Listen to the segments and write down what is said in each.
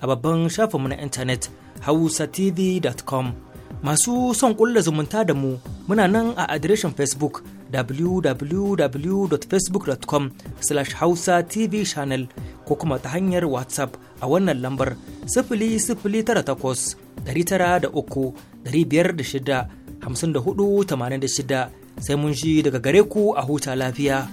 a babban shafinmu na intanet hausatv.com masu son kulla zumunta da mu muna nan a adireshin facebook www.facebook.com slash hausa tv channel ko kuma ta hanyar whatsapp a wannan lambar sifili sifili da tara uku biyar da shida hamsin sai mun ji daga gare ku a huta lafiya.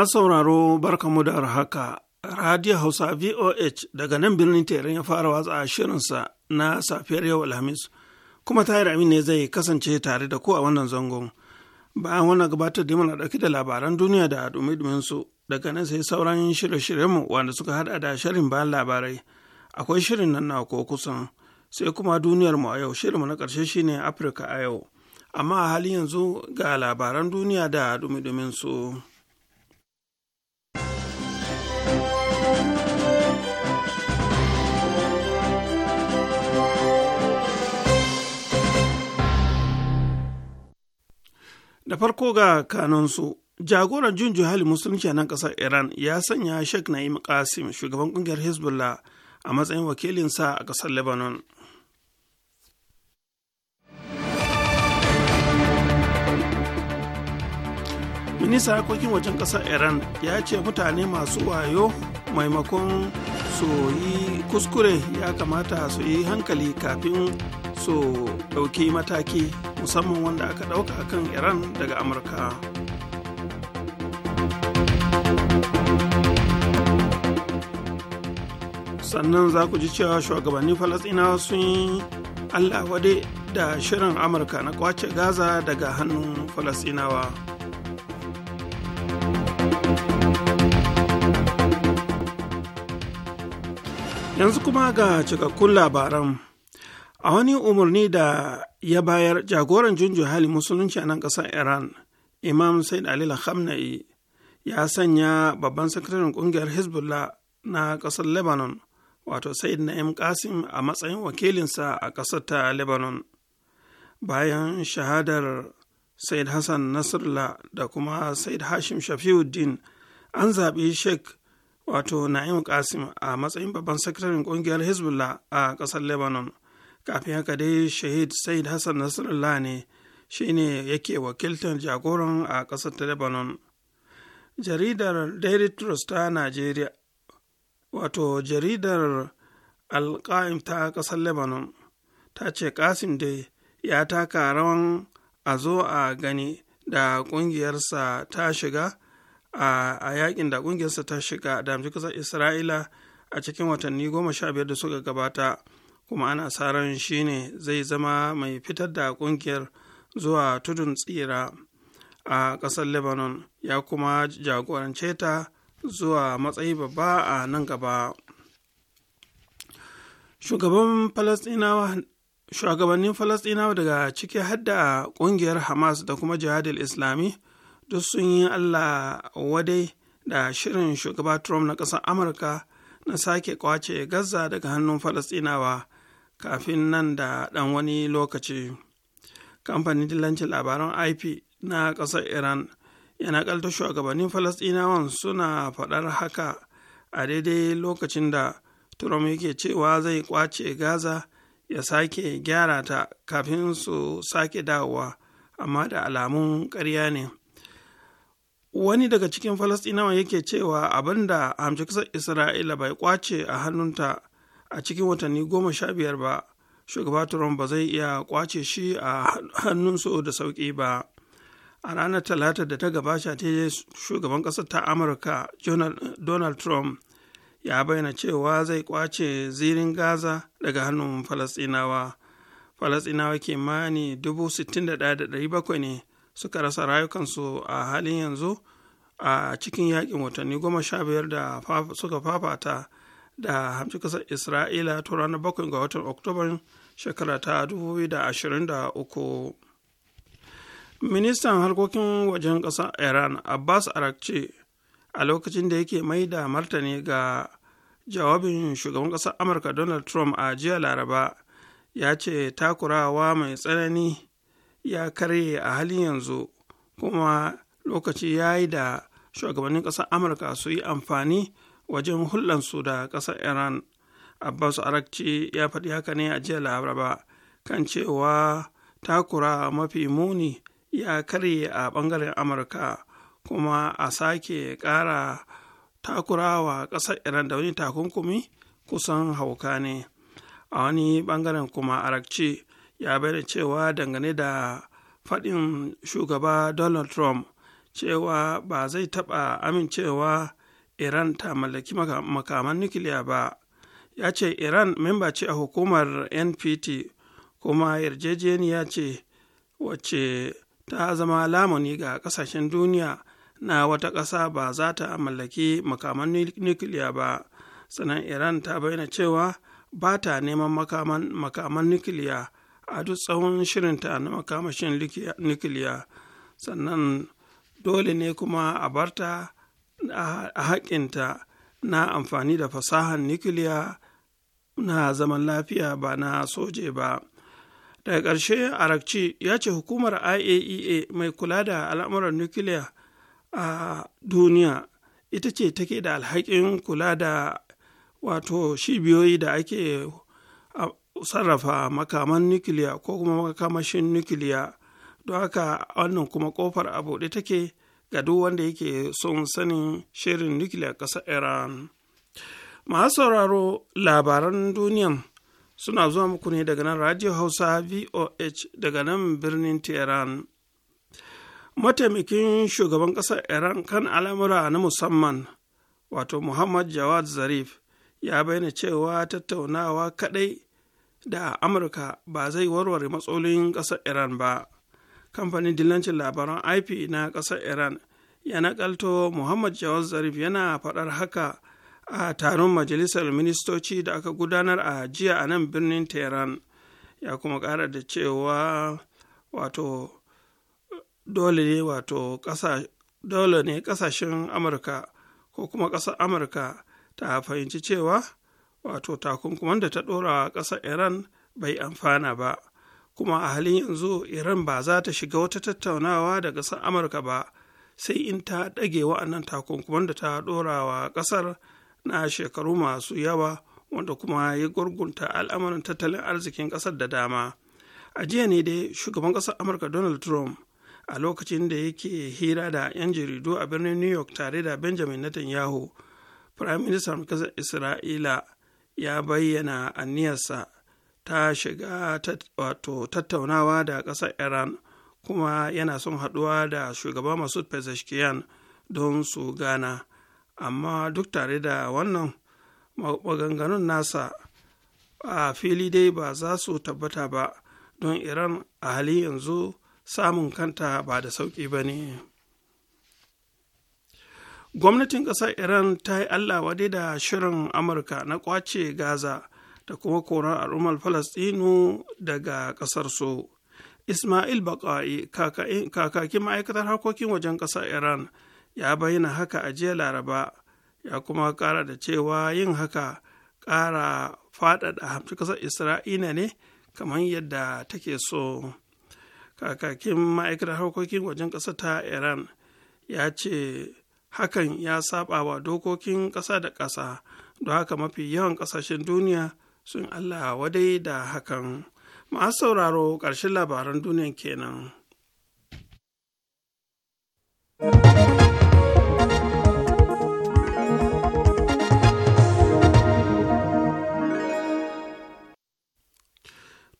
masu sauraro barkamu da haka radio hausa voh daga nan birnin teran ya fara watsa shirinsa na safiyar yau alhamis kuma tahir amin ne zai kasance tare da ku a wannan zangon bayan wannan gabatar da muna ɗauki da labaran duniya da dumi su daga nan sai sauran shirye-shiryenmu wanda suka hada da shirin bayan labarai akwai shirin nan na ko kusan sai kuma duniyar mu a yau shirinmu na ƙarshe shine afirka a yau amma a halin yanzu ga labaran duniya da dumi su. da farko ga kanunsu jagoran jin juhali musulunci a nan kasar iran ya sanya sheikh na'im qasim shugaban kungiyar hezbollah a matsayin wakilinsa a kasar lebanon ministan harkokin wajen ƙasar iran ya ce mutane masu wayo maimakon su yi kuskure ya kamata su yi hankali kafin su ɗauki mataki musamman wanda aka ɗauka kan iran daga amurka sannan za ku ji cewa shugabannin falasɗinawa sun yi allah da shirin amurka na kwace gaza daga hannun falasɗinawa yanzu kuma ga cikakkun labaran a wani umarni da ya bayar jagoran junjo hali musulunci a nan ƙasar iran imam said alila khamnai ya sanya babban sakataren ƙungiyar hezbollah na ƙasar lebanon wato said na'im qasim a matsayin wakilinsa a ƙasar ta lebanon bayan shahadar said hassan nasrullah da kuma said hashim shafiuddin an zaɓi sheikh wato na'im qasim a matsayin babban sakataren ƙungiyar hezbollah a ƙasar lebanon kafin haka dai shahid said hassan nasrallah ne shine yake wakiltar jagoran a ƙasar ta lebanon jaridar daily trust ta nigeria wato jaridar alƙa'im ta ƙasar lebanon ta ce kasim dai ya taka rawan a zo a gani da ƙungiyarsa ta shiga a yakin da ƙungiyarsa ta shiga da ƙasar isra'ila a cikin watanni goma sha biyar da suka gabata kuma ana sa ran shi ne zai zama mai fitar da ƙungiyar zuwa tudun tsira a ƙasar lebanon ya kuma jagorance ta zuwa matsayi babba a nan gaba shugabannin falastinawa daga ciki hadda ƙungiyar hamas da kuma jihadil islami duk sun yi allah wadai da shirin shugaba trump na ƙasar amurka na sake kwace gaza daga hannun falastinawa kafin nan da ɗan wani lokaci kamfanin dillancin labaran ip na ƙasar iran yana ƙalta shugabannin falasɗinawan suna faɗar haka a daidai lokacin da trump yake cewa zai ƙwace gaza ya sake gyara ta kafin su sake dawowa amma da alamun ƙarya ne wani daga cikin falasɗinawa yake cewa abin da hamshe isra'ila bai ƙwace a hannunta a cikin watanni goma sha biyar ba shugaba trump ba zai iya kwace shi a hannunsu da sauƙi ba a ranar talata da ta gabata ta yi shugaban ƙasar ta amurka donald trump ya bayyana cewa zai kwace zirin gaza daga hannun falasɗinawa falasɗinawa kimani 61,700 ne suka rasa rayukansu a halin yanzu a cikin yakin watanni goma sha biyar da suka fafata da hamci kasar isra'ila ta ranar bakwai ga watan oktoba shekara ta 2023 ministan harkokin wajen ƙasar iran abbas arakci a lokacin da yake mai da martani ga jawabin shugaban ƙasar amurka donald trump a jiya laraba ya ce takurawa mai tsanani ya karye a halin yanzu kuma lokaci ya yi da shugabannin ƙasar amurka su yi amfani wajen hulɗansu da ƙasar iran abbas arakci ya faɗi haka ne a jiya laraba kan cewa takura mafi muni ya karye a ɓangaren amurka kuma a sake ƙara takurawa ƙasar iran da wani takunkumi kusan hauka ne a wani ɓangaren kuma arakci ya bayyana cewa dangane da faɗin shugaba donald trump cewa ba zai taɓa amincewa iran ta mallaki makaman nukiliya ba ya ce iran memba ce a hukumar npt kuma yarjejeniya ce wacce ta zama lamuni ga kasashen duniya na wata ƙasa ba za ta mallaki makaman nukiliya ba sannan iran ta bayyana cewa ba ta neman makaman, makaman nukiliya a duk tsawon shirinta na makamashin nukiliya sannan dole ne kuma a barta a haƙinta na amfani da fasahar nukiliya na zaman lafiya ba na soje ba daga ƙarshe arakci ya ce hukumar iaea e mai kula da al'amuran nukiliya a duniya ita ce take da alhakin kula da wato shibiyoyi da ake sarrafa makaman nukiliya ko kuma makamashin nukiliya don haka wannan kuma kofar a buɗe take ga duk wanda yake son sanin shirin nukiliyar ƙasar iran masu sauraro labaran duniyan suna zuwa muku ne daga nan radio hausa voh daga nan birnin tehran mataimakin shugaban ƙasar iran kan al'amura na musamman wato muhammad jawad zarif ya bayyana cewa tattaunawa kaɗai da amurka ba zai warware matsalolin ƙasar iran ba kamfanin dillancin labaran ip na ƙasar iran ya nakalto muhammad jawaz zarif yana faɗar haka a taron majalisar ministoci da aka gudanar a jiya a nan birnin tehran ya kuma ƙara da cewa wato dole ne wato dole ne ƙasashen amurka ko kuma ƙasar amurka ta fahimci cewa wato takunkuman da ta ɗora ƙasar iran bai amfana ba kuma a halin yanzu iran ba za ta shiga wata tattaunawa da ƙasar amurka ba sai in ta ɗage wa'annan takunkuman da ta ɗora wa ƙasar na shekaru masu yawa wanda kuma ya gurgunta al'amarin tattalin arzikin ƙasar da dama a jiya ne dai shugaban ƙasar amurka donald trump a lokacin da yake hira da 'yan jaridu a birnin new york tare da benjamin netanyahu prime minister ƙasar isra'ila ya bayyana aniyarsa ta shiga wato tattaunawa da ƙasar iran kuma yana son haɗuwa da shugaba masu pezeshkian don su gana amma duk tare da wannan maganganun nasa a fili dai ba za su tabbata ba don iran a hali yanzu samun kanta ba da sauƙi ba ne gwamnatin ƙasar iran ta yi allah wadai da shirin amurka na kwace gaza da kuma korar al'ummar falastinu daga su ismail baƙa'i kakakin ma'aikatar harkokin wajen ƙasar iran ya bayyana haka a jiya laraba ya kuma ƙara da cewa yin haka ƙara faɗaɗa hamsin ƙasar isra'ila ne kamar yadda take so kakakin ma'aikatar harkokin wajen ƙasa ta iran ya ce hakan ya saba wa dokokin ƙasa da ƙasa don haka mafi yawan ƙasashen duniya sun allah wadai da hakan masu sauraro ƙarshen labaran duniyan kenan.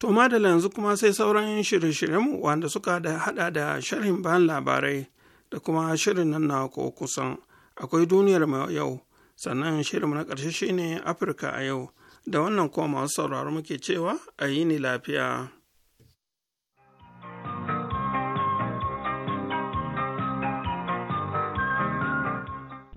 To da yanzu kuma sai sauran shirye-shiryenmu wanda suka da hada da shirin bayan labarai da kuma shirin nan na ko kusan akwai duniyar yau sannan shirin na ƙarshe shine Afirka a yau da wannan kuma masu sauraro muke cewa a yi ni lafiya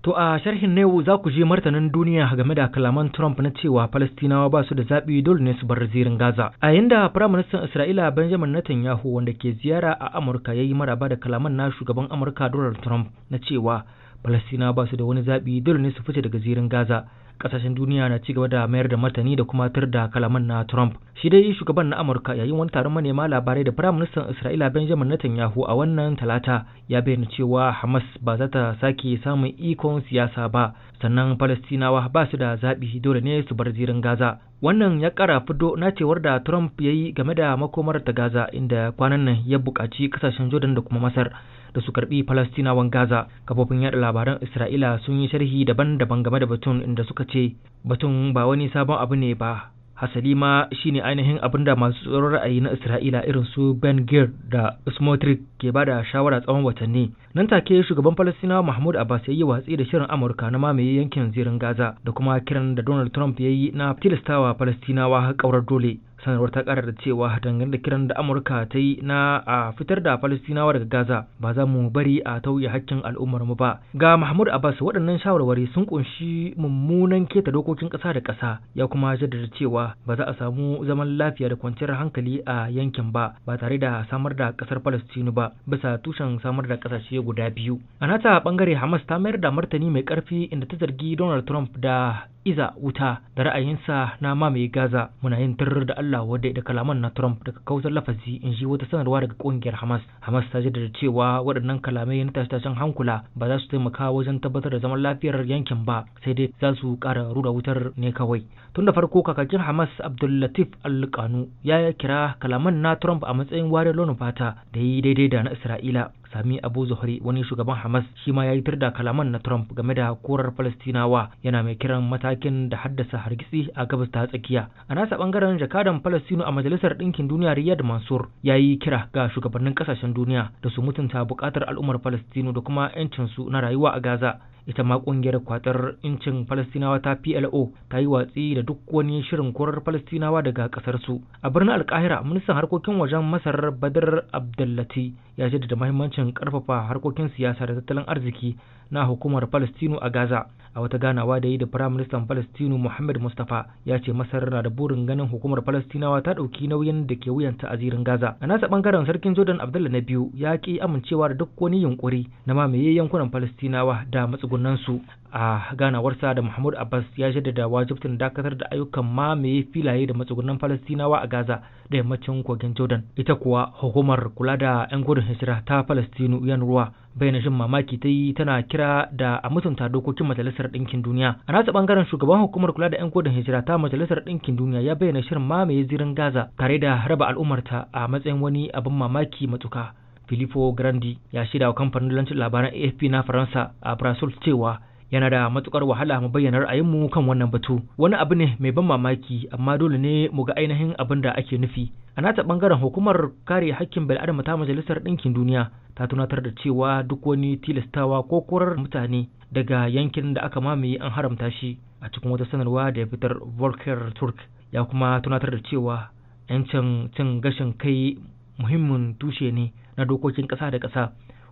To a sharhin na yau za ku je martanin duniya game da kalaman Trump na cewa Falastinawa ba su da zaɓi dole ne su bar zirin Gaza. A yayin da Firaministan Isra'ila Benjamin Netanyahu wanda ke ziyara a Amurka ya yi maraba da kalaman na shugaban Amurka Donald Trump na cewa Falastinawa ba su da wani zaɓi dole ne su fice daga zirin Gaza. kasashen duniya na cigaba da mayar da martani da kuma tar da kalaman na Trump. Shi dai shugaban na Amurka yayin wani taron manema labarai da Firaministan Isra'ila Benjamin Netanyahu a wannan talata ya bayyana cewa Hamas ba za ta sake samun ikon siyasa ba sannan Falastinawa ba su da zaɓi dole ne su bar zirin Gaza. Wannan ya ƙara fido cewar da Trump ya yi game da makomar ta Gaza inda kwanan nan ya buƙaci kasashen Jordan da kuma Masar da su karbi falastinawan gaza kafofin yaɗa labaran isra'ila sun yi sharhi daban-daban game da batun inda suka ce batun ba wani sabon abu ne ba hasali ma shine ainihin abin da masu tsoron ra'ayi na isra'ila irin su ben gir da smotrich ke ba da shawara tsawon watanni nan take shugaban falastinawa mahmud abbas ya yi watsi da shirin amurka na mamaye yankin zirin gaza da kuma kiran da donald trump ya yi na tilastawa falastinawa kaurar dole sanarwar ta karar da cewa dangane da kiran da amurka ta yi na a fitar da falastinawa daga gaza ba za mu bari a tauye hakkin al'ummar mu ba ga mahmud abbas waɗannan shawarwari sun ƙunshi mummunan keta dokokin ƙasa da ƙasa ya kuma jaddada cewa ba za a samu zaman lafiya da kwanciyar hankali a yankin ba ba tare da samar da ƙasar falastinu ba bisa tushen samar da ƙasashe guda biyu a nata bangare hamas ta mayar da martani mai ƙarfi inda ta zargi donald trump da iza wuta da ra'ayinsa na mamaye Gaza muna yin tarar da Allah wadda da kalaman na Trump daga kautar lafazi in ji wata sanarwa daga kungiyar Hamas. Hamas ta jaddada cewa waɗannan kalamai na tashe hankula ba za su taimaka wajen tabbatar da zaman lafiyar yankin ba sai dai za su ƙara rura wutar ne kawai. Tun da farko kakakin Hamas Abdullatif Al-Qanu ya kira kalaman na Trump a matsayin wariyar launin fata da yi daidai da na Isra'ila. sami abu zuhri wani shugaban hamas shi ma ya yi da kalaman na trump game da korar palestinawa yana mai kiran matakin da haddasa hargitsi a gabas ta tsakiya a nasa bangaren jakadan palestino a majalisar ɗinkin duniya riyad mansur ya yi kira ga shugabannin kasashen duniya da su mutunta bukatar al'ummar palestino da kuma 'yancinsu na rayuwa a gaza ita ma kungiyar kwatar incin falastinawa ta plo ta yi watsi da duk wani shirin korar falastinawa daga kasar su a birnin alkahira ministan harkokin wajen masar badar abdullati ya jaddada mahimmancin karfafa harkokin siyasa da tattalin arziki na hukumar palestino a gaza a wata ganawa da yi da firaministan palestino muhammad mustapha ya ce masar na da burin ganin hukumar palestinawa ta dauki nauyin da ke wuyanta a zirin gaza a nasa bangaren sarkin jordan abdullah na biyu ya ki amincewa da duk wani yunkuri na mamaye yankunan palestinawa da matsugun matsugunansu a ganawarsa da Mahmud Abbas ya jaddada wajibtin dakatar da ayyukan mamaye filaye da matsugunan Falastinawa a Gaza da yammacin kogin Jordan. Ita kuwa hukumar kula da 'yan gudun hijira ta Falastinu ruwa bayyana jin mamaki ta yi tana kira da a mutunta dokokin Majalisar dinkin Duniya. A nasa bangaren shugaban hukumar kula da 'yan gudun hijira ta Majalisar Ɗinkin Duniya ya bayyana shirin mamaye zirin Gaza tare da raba al'ummarta a matsayin wani abin mamaki matuka. filippo grandi ya shirya wa kamfanin lancin labaran afp na faransa a brussels cewa yana da matukar wahala mu bayyana ra'ayinmu kan wannan batu wani abu ne mai ban mamaki amma dole ne mu ga ainihin abin da ake nufi a nata bangaren hukumar kare hakkin bil'adama ta majalisar ɗinkin duniya ta tunatar da cewa duk wani tilastawa ko korar mutane daga yankin da aka mamaye an haramta shi a cikin wata sanarwa da ya fitar volker turk ya kuma tunatar da cewa 'yancin cin gashin kai muhimmin tushe ne na dokokin ƙasa da ƙasa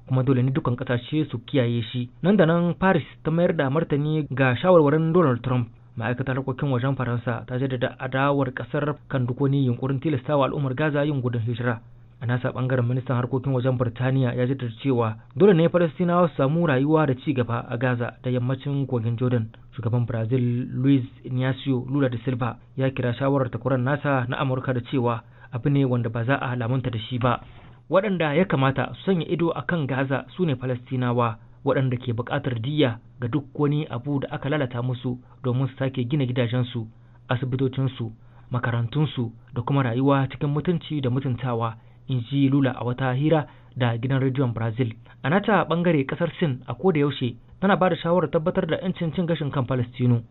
kuma dole ne dukkan ƙasashe su kiyaye shi nan da nan paris ta mayar da martani ga shawarwarin donald trump ma'aikatar harkokin wajen faransa ta jaddada adawar ƙasar kan duk wani yunkurin wa al'ummar gaza yin gudun hijira a nasa bangaren ministan harkokin wajen birtaniya ya jaddada cewa dole ne falastinawa su samu rayuwa da ci gaba a gaza da yammacin kogin jordan shugaban brazil luis inacio lula da silva ya kira shawarar takwarar nasa na amurka da cewa abu ne wanda ba za a lamunta da shi ba waɗanda ya kamata su sanya ido a kan gaza su ne falastinawa waɗanda ke buƙatar diya ga duk wani abu da aka lalata musu domin su sake gina gidajensu asibitocinsu makarantunsu da kuma rayuwa cikin mutunci da mutuntawa in ji lula a wata hira da gidan rediyon brazil a nata ɓangare ƙasar sin a koda yaushe tana ba da shawarar tabbatar da 'yancin cin gashin kan falastinu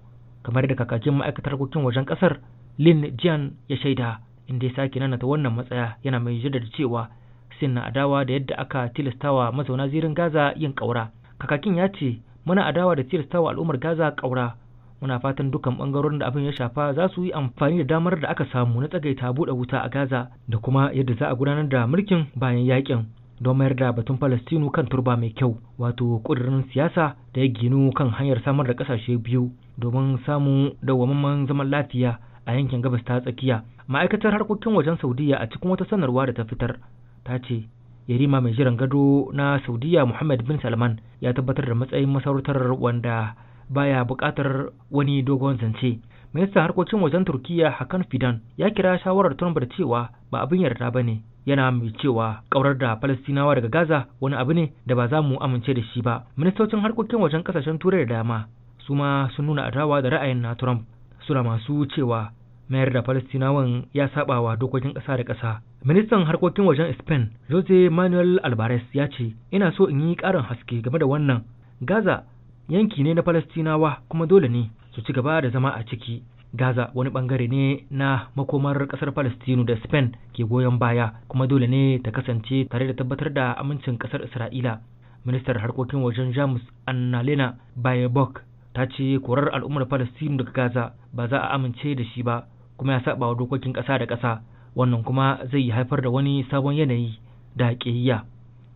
kamar da kakakin ma'aikatar harkokin wajen ƙasar lin jian ya shaida inda ya sake nanata wannan matsaya yana mai jaddada cewa Sin na adawa da yadda aka tilastawa mazauna zirin Gaza yin ƙaura. Kakakin ya ce muna adawa da tilastawa al'ummar Gaza ƙaura. Muna fatan dukkan bangarorin da abin ya shafa za su yi amfani da damar da aka samu na tsagaita buɗe wuta a Gaza da kuma yadda za a gudanar da mulkin bayan yakin don mayar da batun Falastinu kan turba mai kyau wato ƙudurin siyasa da ya ginu kan hanyar samar da ƙasashe biyu domin samun dawwammamen zaman lafiya a yankin gabas ta tsakiya ma'aikatar harkokin wajen saudiya a cikin wata sanarwa da ta fitar ta ce yarima mai jiran gado na saudiya muhammad bin salman ya tabbatar da matsayin masarautar wanda baya buƙatar wani dogon zance ministan harkokin wajen turkiya hakan fidan ya kira shawarar tunbar cewa ba abin yarda ba ne yana mai cewa kaurar da falastinawa daga gaza wani abu ne da ba za mu amince da shi ba ministocin harkokin wajen kasashen turai da dama su ma sun nuna adawa da ra'ayin na trump suna masu cewa mayar da falastinawan ya saba wa dokokin ƙasa da ƙasa ministan harkokin wajen spain jose manuel alvarez ya ce ina so in yi ƙarin haske game da wannan gaza yanki ne na falastinawa kuma dole ne su ci gaba da zama a ciki gaza wani ɓangare ne na makomar ƙasar falastinu da spain ke goyon baya kuma dole ne ta kasance tare da tabbatar da amincin ƙasar isra'ila ministar harkokin wajen jamus annalena bayebok ta ce korar al'ummar falastinu daga gaza ba za a amince da shi ba kuma ya saba dokokin ƙasa da ƙasa. wannan kuma zai haifar da wani sabon yanayi da ƙiyayya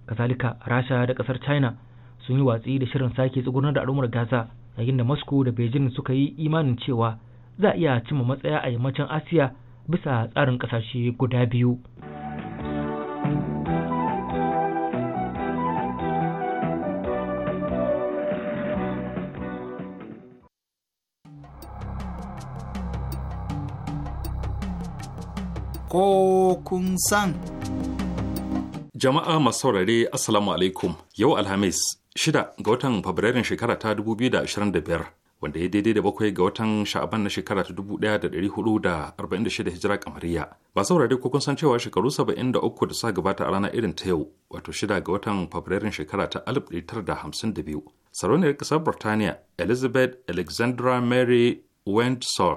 kasalika rasha da ƙasar china sun yi watsi da shirin sake tsugunar da al'ummar gaza yayin da moscow da beijing suka yi imanin cewa za a iya cimma matsaya a yammacin asiya bisa tsarin ƙasashe guda biyu ko kun san. Jama'a masu saurare Assalamu alaikum yau Alhamis shida ga watan Fabrairun shekara ta 2025 wanda ya daidai da bakwai ga watan sha'aban na shekara ta 1446 hijira kamariya. Ba saurare ko kun san cewa shekaru 73 da suka gabata a ranar irin ta yau wato shida ga watan Fabrairun shekara ta 1952. Sarauniyar ƙasar Birtaniya Elizabeth Alexandra Mary Windsor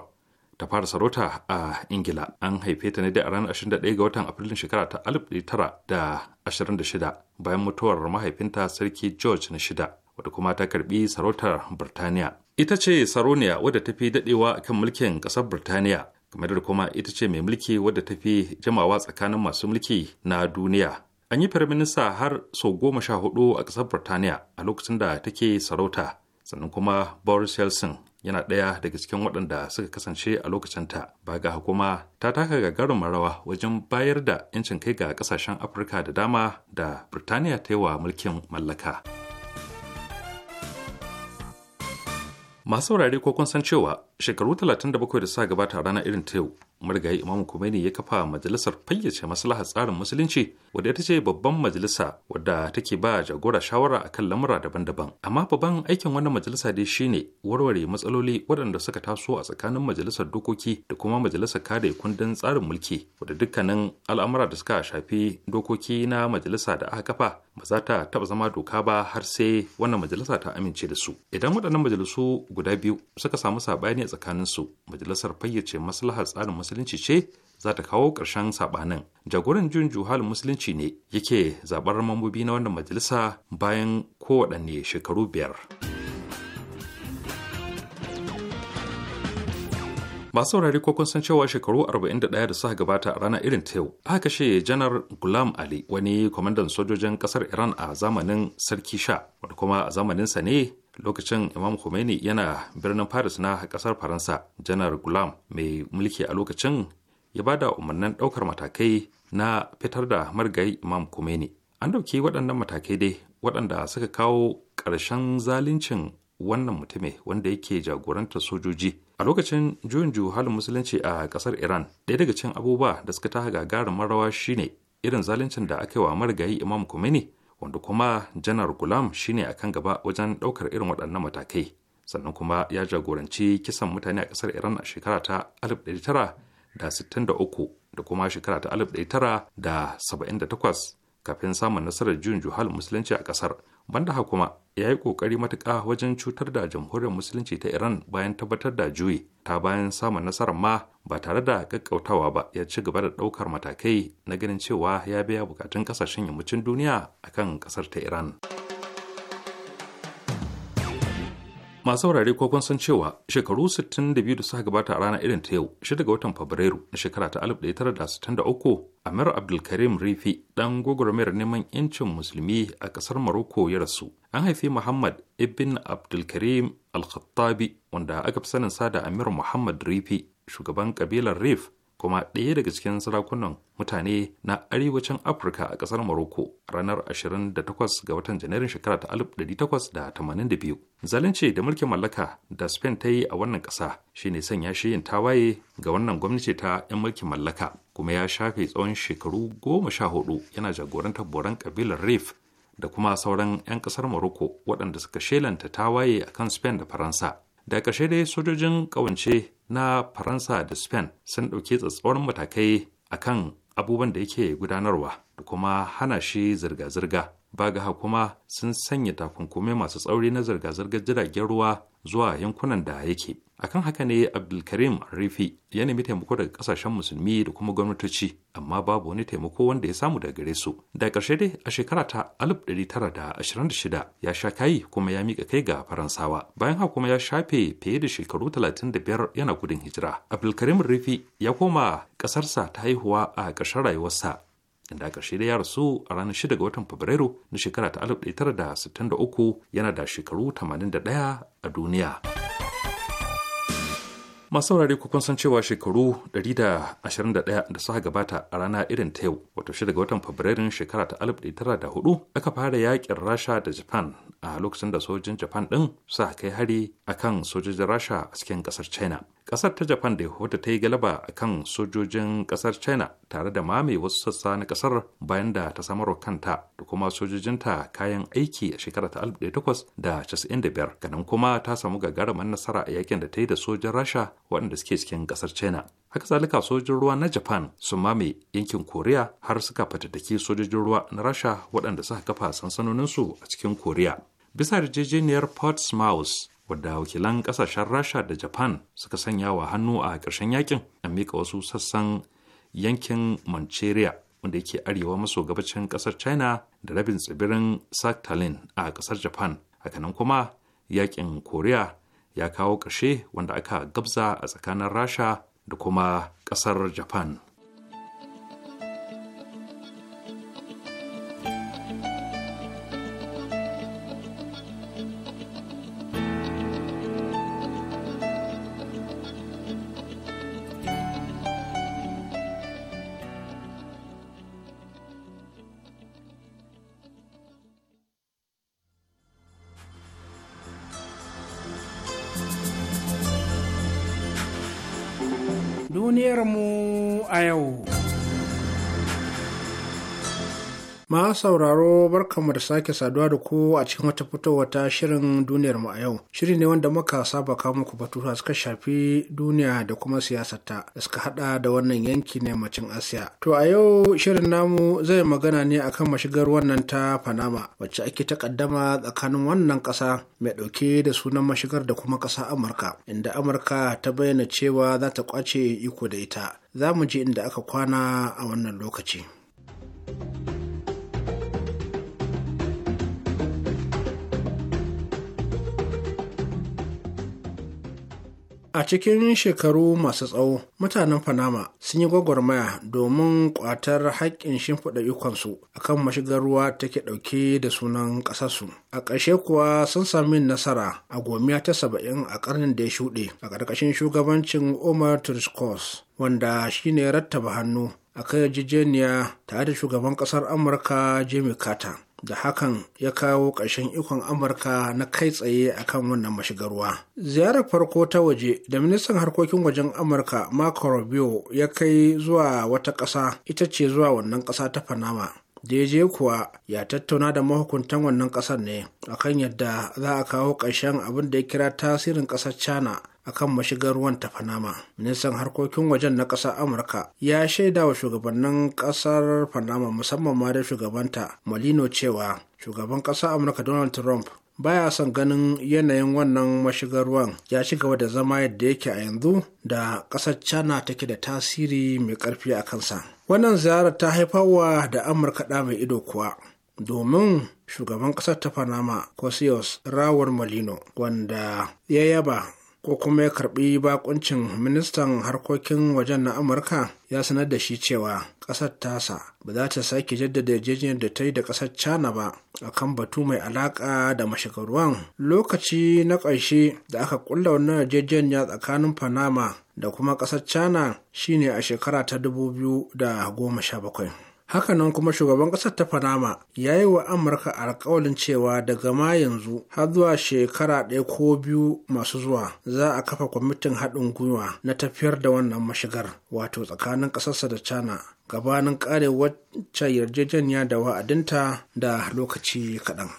ta fara sarauta a ingila an haife ta ne da a ranar 21 ga watan afrilun shekara ta 1926 bayan mutuwar mahaifinta sarki george na shida wadda kuma ta karbi sarautar birtaniya ita ce saroniya wadda ta fi dadewa a kan mulkin kasar birtaniya kamar da kuma ita ce mai mulki wadda ta fi jimawa tsakanin masu mulki na duniya an yi firaminista har sau goma sha hudu a kasar birtaniya a lokacin da take sarauta sannan kuma boris yeltsin yana ɗaya daga cikin waɗanda suka kasance a lokacinta ba ga hukuma ta taka gagarin rawa wajen bayar da 'yancin kai ga ƙasashen afirka da dama da birtaniya ta yi wa mulkin mallaka masu wurare ko kun san cewa shekaru 37 da suka gabata a ranar irin ta yau marigayi imam Khomeini ya kafa majalisar fayyace maslahar tsarin musulunci wadda ita ce babban majalisa wadda take ba jagora shawara akan lamura daban-daban amma babban aikin wannan majalisa dai shine warware matsaloli waɗanda suka taso a tsakanin majalisar dokoki da kuma majalisar kare kundin tsarin mulki wadda dukkanin al'amura da suka shafi dokoki na majalisa da aka kafa ba za ta taɓa zama doka ba har sai wannan majalisa ta amince da su idan waɗannan majalisu guda biyu suka samu saɓani a tsakaninsu majalisar fayyace maslahar tsarin musulunci ce za ta kawo ƙarshen saɓanin jagoran jun juhal musulunci ne yake zaɓar mambobi na wannan majalisa bayan kowaɗanne shekaru biyar. masu saurari ko kun san cewa shekaru 41 da suka gabata a ranar irin ta yau aka kashe janar gulam ali wani kwamandan sojojin kasar iran a zamanin sarki sha wanda kuma a zamaninsa ne lokacin imam khomeini yana birnin paris na kasar faransa janar gulam mai mulki a lokacin ya ba da umarnin ɗaukar matakai na fitar da marigayi imam khomeini an ɗauki waɗannan matakai dai waɗanda suka kawo ƙarshen zaluncin wannan mutumin wanda yake jagorantar sojoji a lokacin juyin juyu halin musulunci a kasar iran ɗaya daga cikin abubuwa da suka ta gagarin marawa shine irin zaluncin da aka yi wa marigayi imam kumini wanda kuma janar gulam shine a kan gaba wajen ɗaukar irin waɗannan matakai sannan kuma ya jagoranci kisan mutane a kasar iran a shekara ta 1963 da kuma shekara ta 1978 kafin samun nasarar juyin halin musulunci a kasar banda haka kuma ya yi ƙoƙari matuƙa wajen cutar da jamhuriyar musulunci ta iran bayan tabbatar da juyi ta bayan samun nasarar ma ba tare da ƙaƙƙautawa ba ya ci gaba da ɗaukar matakai na ganin cewa ya biya bukatun ƙasashen yammacin duniya akan ƙasar ta iran. masu saurare ko kun san cewa shekaru 62 da suka gabata a ranar irin ta yau 6 ga watan fabrairu na shekara ta 1963 amir abdulkarim rifi dan gwagwarmayar neman yancin musulmi a kasar maroko ya rasu an haifi muhammad ibn abdulkarim alkhattabi wanda aka fi sanin sa da amir muhammad rifi shugaban kabilar rif kuma ɗaya daga cikin sarakunan mutane na arewacin afirka a ƙasar morocco ranar 28 ga watan janairun shekara ta 1882 zalunci da mulkin mallaka da spain ta yi a wannan ƙasa shine sanya shi yin tawaye ga wannan gwamnati ta 'yan mulkin mallaka kuma ya shafe tsawon shekaru goma sha hudu yana jagorantar boran kabilar reef da kuma sauran 'yan ƙasar morocco waɗanda suka shelanta tawaye akan spain da faransa da ƙarshe dai sojojin ƙawance na faransa da spain sun ɗauki tsatsauran matakai a kan abubuwan da yake gudanarwa da kuma hana shi zirga-zirga ba ga kuma sun sanya takunkumai masu tsauri na zirga-zirgar jiragen ruwa zuwa yankunan da yake a kan haka ne abdulkarim rifi ya nemi taimako daga kasashen musulmi da kuma gwamnatoci amma babu wani taimako wanda ya samu daga gare su da ƙarshe dai a shekara ta 1926 ya sha kayi kuma ya miƙa kai ga faransawa bayan haka kuma ya shafe fiye da shekaru 35 yana gudun hijira abdulkarim rifi ya koma ƙasarsa ta haihuwa a ƙarshen rayuwarsa inda ƙarshe dai ya rasu a ranar 6 ga watan fabrairu na shekara ta 1963 yana da shekaru 81 a duniya. masu saurare ku san cewa shekaru 121 da suka gabata a rana irin ta yau wato shida ga watan fabrairun shekara ta 1904 aka fara yakin rasha da japan a lokacin da sojin japan din suka kai hari akan sojojin rasha a cikin kasar china ƙasar ta japan da wata ta yi galaba a kan sojojin ƙasar china tare da mame wasu sassa na ƙasar bayan da ta samarwa kanta da kuma sojojinta kayan aiki a shekara ta 1895 ganin kuma ta samu gagarumin nasara a yakin da ta yi da sojin rasha waɗanda suke cikin ƙasar china haka zalika sojin ruwa na japan sun mame yankin koriya har suka fatattaki sojojin ruwa na rasha waɗanda suka kafa sansanoninsu a cikin koriya bisa yarjejeniyar portsmouth wadda wakilan kasashen rasha da japan suka sanya wa hannu a ƙarshen yakin an mika wasu sassan yankin manchuria wanda yake arewa maso gabacin ƙasar china da rabin tsibirin sakhalin a ƙasar japan hakanan kuma yakin korea ya kawo ƙarshe wanda aka gabza a tsakanin rasha da kuma ƙasar japan masu sauraro barkanmu da sake saduwa da ku a cikin wata fitowa ta shirin duniyar mu a yau. Shiri ne wanda muka saba kawo muku batuta suka shafi duniya da kuma siyasar ta da suka hada da wannan yanki na yammacin Asiya. To a yau shirin namu zai magana ne akan mashigar wannan ta Panama wacce ake takaddama tsakanin wannan kasa mai dauke da sunan mashigar da kuma kasa Amurka inda Amurka ta bayyana cewa za ta kwace iko da ita. Za mu je inda aka kwana a wannan lokaci. thank you A cikin shekaru masu tsawo, mutanen Panama sun yi gwagwarmaya domin kwatar haƙƙin shimfiɗa ikonsu a kan mashigar ruwa take ɗauke da sunan ƙasarsu. A ƙarshe kuwa sun sami nasara a gomiya ta saba'in a ƙarnin da ya shuɗe a ƙarƙashin shugabancin Omar Turiskos, wanda shine rattaba hannu a kan yarjejeniya tare da shugaban ƙasar Amurka Jimmy Carter. da hakan ya kawo ƙarshen ikon amurka na kai tsaye a kan wannan mashigarwa ziyarar farko ta waje da ministan harkokin wajen amurka marco rubio ya kai zuwa wata ƙasa ita ce zuwa wannan ƙasa ta panama da ya je kuwa ya tattauna da mahukuntan wannan ƙasar ne akan yadda za a kawo ƙarshen abin da ya kira tasirin ƙasar china akan mashigar ruwan ta Panama. Ministan harkokin wajen na ƙasar Amurka ya shaida wa shugabannin ƙasar Panama musamman ma da shugabanta Molino cewa shugaban ƙasar Amurka Donald Trump baya son ganin yanayin wannan mashigar ruwan ya ci gaba da zama yadda yake a yanzu da ƙasar china take da tasiri mai ƙarfi a kansa wannan ziyarar ta haifarwa da amurka ɗa mai ido kuwa domin shugaban ƙasar ta panama kosios rawar molino wanda ya yaba ko kuma ya karbi bakuncin ministan harkokin wajen na amurka ya sanar da shi cewa kasar tasa ba za ta sake jaddada yarjejeniyar da ta yi da kasar china ba kan batu mai alaka da mashigarwan. lokaci na ƙarshe da aka kulla wannan yarjejeniya tsakanin panama da kuma kasar china shine a shekara ta 2017 Hakanan kuma shugaban ƙasar ta Panama ya yi wa Amurka alkawalin cewa daga ma yanzu har zuwa shekara ɗaya ko biyu masu zuwa za a kafa kwamitin haɗin gwiwa na tafiyar da wannan mashigar wato tsakanin ƙasarsa da China gabanin ƙare wacce yarjejeniya da wa'adinta da lokaci kaɗan.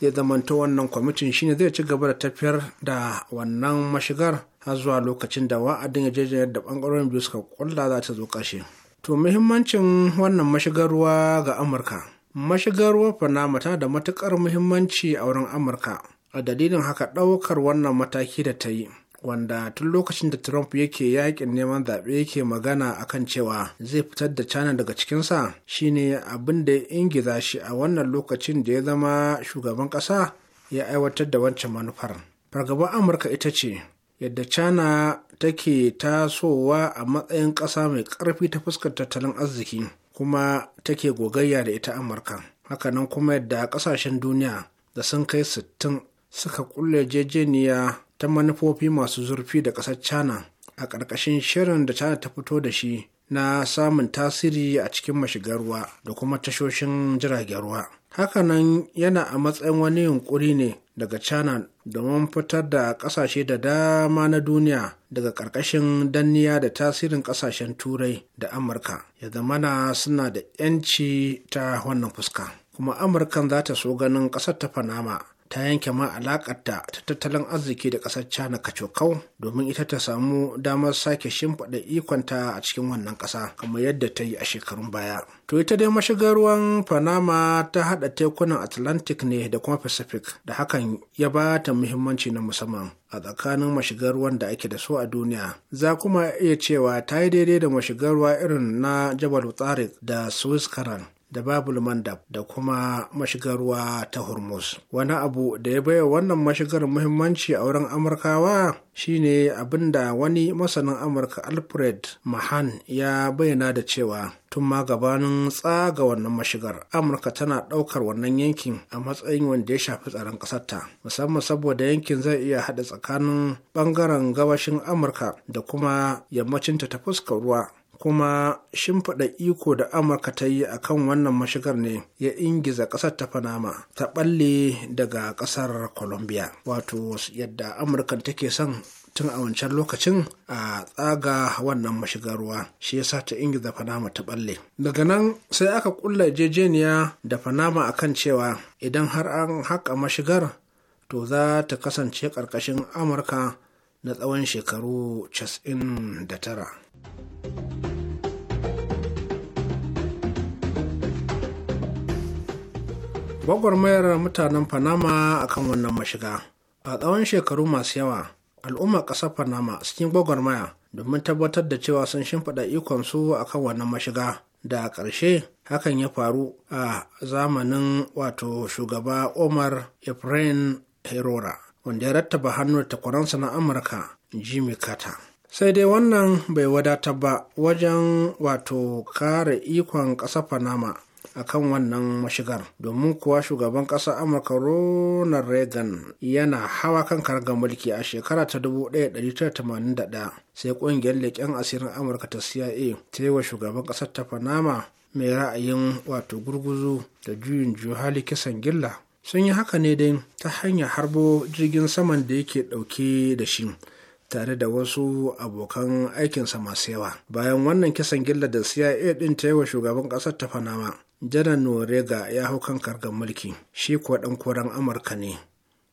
ya zamanta wannan kwamitin shine zai ci gaba da tafiyar da wannan mashigar har zuwa lokacin da wa'adin yarjejeniyar da ɓangarorin biyu suka ƙulla za ta zo ƙarshe. To muhimmancin wannan mashigarwa ga Amurka. Mashigar ruwa Panama tana da matuƙar muhimmanci a wurin Amurka. A dalilin haka ɗaukar wannan mataki da ta yi. wanda tun lokacin da Trump yake yakin neman zaɓe yake magana akan cewa zai fitar da China daga cikinsa shine abin da ya ingiza shi a wannan lokacin da ya zama shugaban ƙasa ya aiwatar da wancan manufar. Fargabar Amurka ita ce yadda china take tasowa a matsayin ƙasa mai ƙarfi ta fuskar tattalin arziki kuma take gogayya da ita amurka hakanan kuma yadda ƙasashen duniya da sun kai sittin suka kulle jejeniya ta manufofi masu zurfi da ƙasar china a ƙarƙashin shirin da china ta fito da shi na samun tasiri a cikin mashigar ruwa da kuma tashoshin jiragen ruwa hakanan yana a matsayin wani yunkuri ne daga china domin fitar da ƙasashe da dama na duniya daga ƙarƙashin danniya da tasirin ƙasashen turai da amurka ya zamana suna da 'yanci ta wannan fuska kuma amurkan za ta so ganin ƙasar ta panama ta yanke ma alakarta ta tattalin arziki da ƙasar china kacokau domin ita ta samu damar sake shimfiɗa ikonta a cikin wannan ƙasa kamar yadda ta yi a shekarun baya to ita dai mashigar ruwan panama ta haɗa tekunan atlantic ne da kuma pacific da hakan ya ba ta muhimmanci na musamman a tsakanin mashigar ruwan da ake da su a duniya za kuma iya cewa ta yi daidai da mashigar ruwa irin na jabal tsarik da swiss canal da babul mandab da kuma mashigar ruwa ta hormuz wani abu da ya baiwa wannan mashigar muhimmanci a wurin amurkawa shine abin da wani masanin amurka alfred mahan ya bayyana da cewa tun ma gabanin tsaga wannan mashigar amurka tana ɗaukar wannan yankin a matsayin wanda ya shafi tsaron ƙasarta musamman saboda yankin zai iya haɗa tsakanin ɓangaren gabashin amurka da kuma yammacinta ta fuskar ruwa kuma shimfiɗa iko da amurka ta yi akan wannan mashigar ne ya ingiza ƙasar ta panama ta ɓalle daga ƙasar colombia wato yadda amurkan take son tun a wancan lokacin a tsaga wannan mashigarwa shi ya sa ta ingiza panama ta ɓalle daga nan sai aka ƙulla jejeniya da panama akan cewa idan har an haƙa mashigar to za ta kasance ƙarƙashin amurka na tsawon shekaru 99 gwagwarmayar mutanen panama akan wannan mashiga a tsawon shekaru masu yawa al'ummar ƙasar panama cikin gwagwarmaya domin tabbatar da cewa sun shimfiɗa ikonsu a kan wannan mashiga da ƙarshe hakan ya faru a zamanin wato shugaba omar efrain herora wanda ya rattaba hannun takwaransa na amurka jimmy carter sai dai wannan bai wadatar ba wajen wato kare ikon ƙasar panama a kan wannan mashigar domin kuwa shugaban ƙasar amurka ronald reagan yana hawa kan karga mulki a shekara ta 1981 sai ƙungiyar leƙen asirin amurka ta cia ta yi wa shugaban ƙasar ta panama mai ra'ayin wato gurguzu da juyin juhali kisan gilla sun yi haka ne dai ta hanyar harbo jirgin saman da yake ɗauke da shi tare da wasu abokan aikinsa masu yawa bayan wannan kisan gilla da cia din ta yi wa shugaban ƙasar ta panama janar norega ya hau kan kargan mulki shi kuwa ɗan koren amurka ne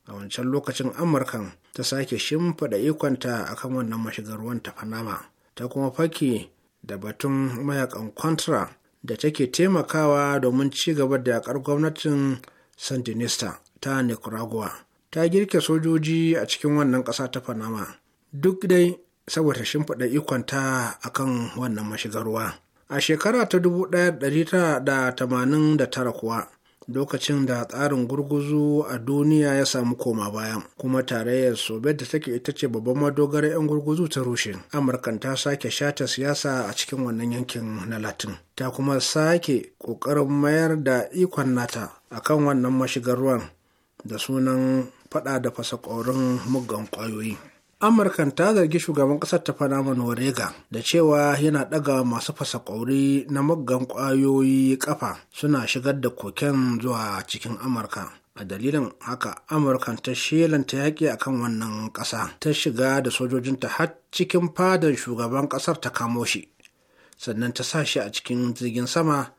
a wancan lokacin amurkan ta sake shimfiɗa ikonta akan wannan mashigar ruwan ta panama ta kuma Faki da batun mayakan contra da take taimakawa domin ci gaba da yakar gwamnatin sandinista ta nicaragua ta girke sojoji a cikin wannan ƙasa ta panama duk dai saboda shimfiɗa ikonta akan wannan mashigar a shekara ta 1989 kuwa lokacin da tsarin gurguzu a duniya ya samu koma bayan, kuma tarayyar soviet da take ita ce babban madogarar 'yan gurguzu ta rushe amurkan ta sake shata siyasa a cikin wannan yankin na latin ta kuma sake ƙoƙarin mayar da ikon nata a kan wannan mashigar ruwan da sunan fada da fasakorin muggan ƙwayoyi amurkan ta zargi shugaban ƙasar ta panama norega da cewa yana ɗaga masu fasa ƙauri na muggan ƙwayoyi ƙafa suna shigar da koken zuwa cikin amurka a dalilin haka amurkan ta shelanta yaƙi a kan wannan ƙasa ta shiga da sojojinta har cikin fadar shugaban ƙasar ta kamo shi sannan ta sa shi a cikin jirgin sama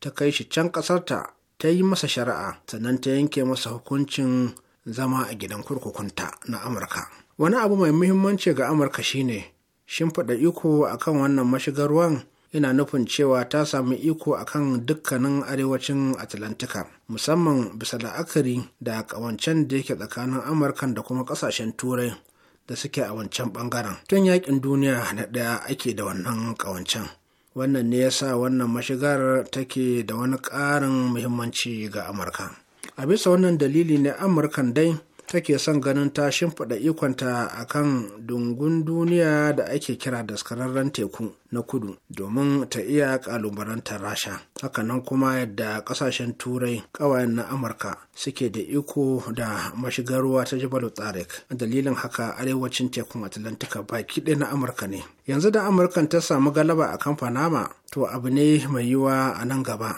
ta kai shi can ƙasarta ta yi masa shari'a sannan ta yanke masa hukuncin zama a gidan kurkukunta na amurka wani abu mai muhimmanci ga amurka shine shimfiɗa iko akan wannan mashigar ruwan yana nufin cewa ta samu iko akan dukkanin arewacin atlantika musamman bisa la'akari da ƙawancen da yake tsakanin Amurka da kuma ƙasashen turai da suke a wancan bangaren tun yakin duniya na ɗaya ake da wannan ƙawancen wannan ne yasa wannan mashigar take da wani ƙarin muhimmanci ga amurka a bisa wannan dalili ne amurkan dai take son ganin ta shimfiɗa ikonta a kan dungun duniya da ake kira daskararren teku na kudu domin ta iya ƙalubalantar rasha hakanan kuma yadda ƙasashen turai ƙawayen na amurka suke da iko da mashigar ruwa ta jibal tsarik dalilin haka arewacin tekun atlantika baki ɗaya na amurka ne yanzu da amurkan ta samu galaba a kan panama to abu ne mai yiwa a nan gaba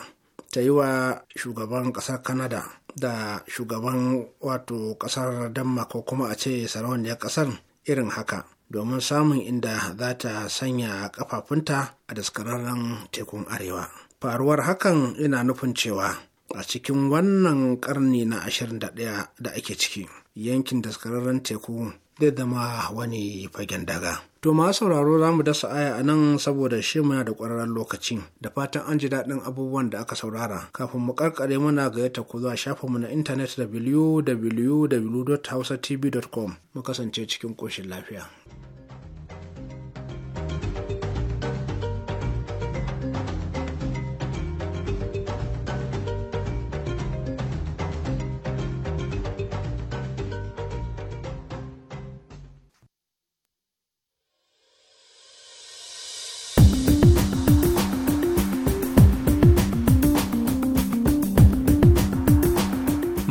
ta yi wa shugaban ƙasar Kanada. da shugaban wato kasar denmark ko kuma a ce sarauniyar kasar irin haka domin samun inda za ta sanya kafafunta a daskararren tekun arewa faruwar hakan ina nufin cewa a cikin wannan karni na 21 da ake ciki yankin daskararren teku zai zama wani fagen daga. To ma sauraro za mu dasa aya a nan saboda shi muna da ƙwararren lokaci da fatan an ji daɗin abubuwan da aka saurara. Kafin mu karkare muna yadda ku zuwa mu na intanet www.hausatv.com mu kasance cikin ƙoshin lafiya.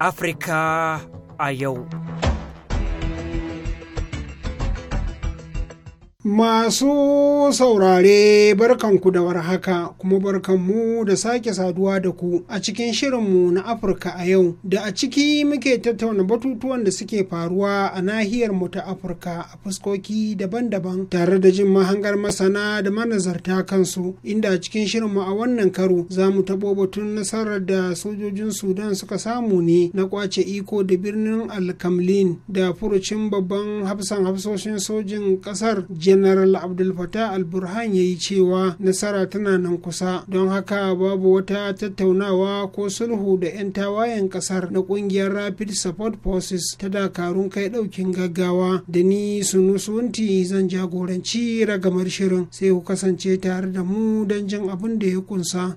Afirka a yau. Masu saurare barkanku da warhaka kuma barkanmu da sake saduwa da ku a cikin shirinmu na Afirka a yau da a ciki muke tattauna batutuwan da suke faruwa a nahiyar mu ta Afirka a fuskoki daban-daban tare da jin mahangar masana da manazarta kansu inda a cikin shirinmu a wannan karo za mu tabo batun nasarar da sojojin Sudan suka samu ne na kwace iko da birnin Alkamlin da furucin babban hafsan hafsoshin sojin kasar Jen janaral abdul fatah al ya yi cewa nasara tana nan kusa don haka babu wata tattaunawa ko sulhu da 'yan tawayen kasar na kungiyar rapid support forces ta dakarun kai daukin gaggawa da ni sunusunti zan jagoranci ragamar shirin sai ku kasance tare da mu don jin abin da ya kunsa.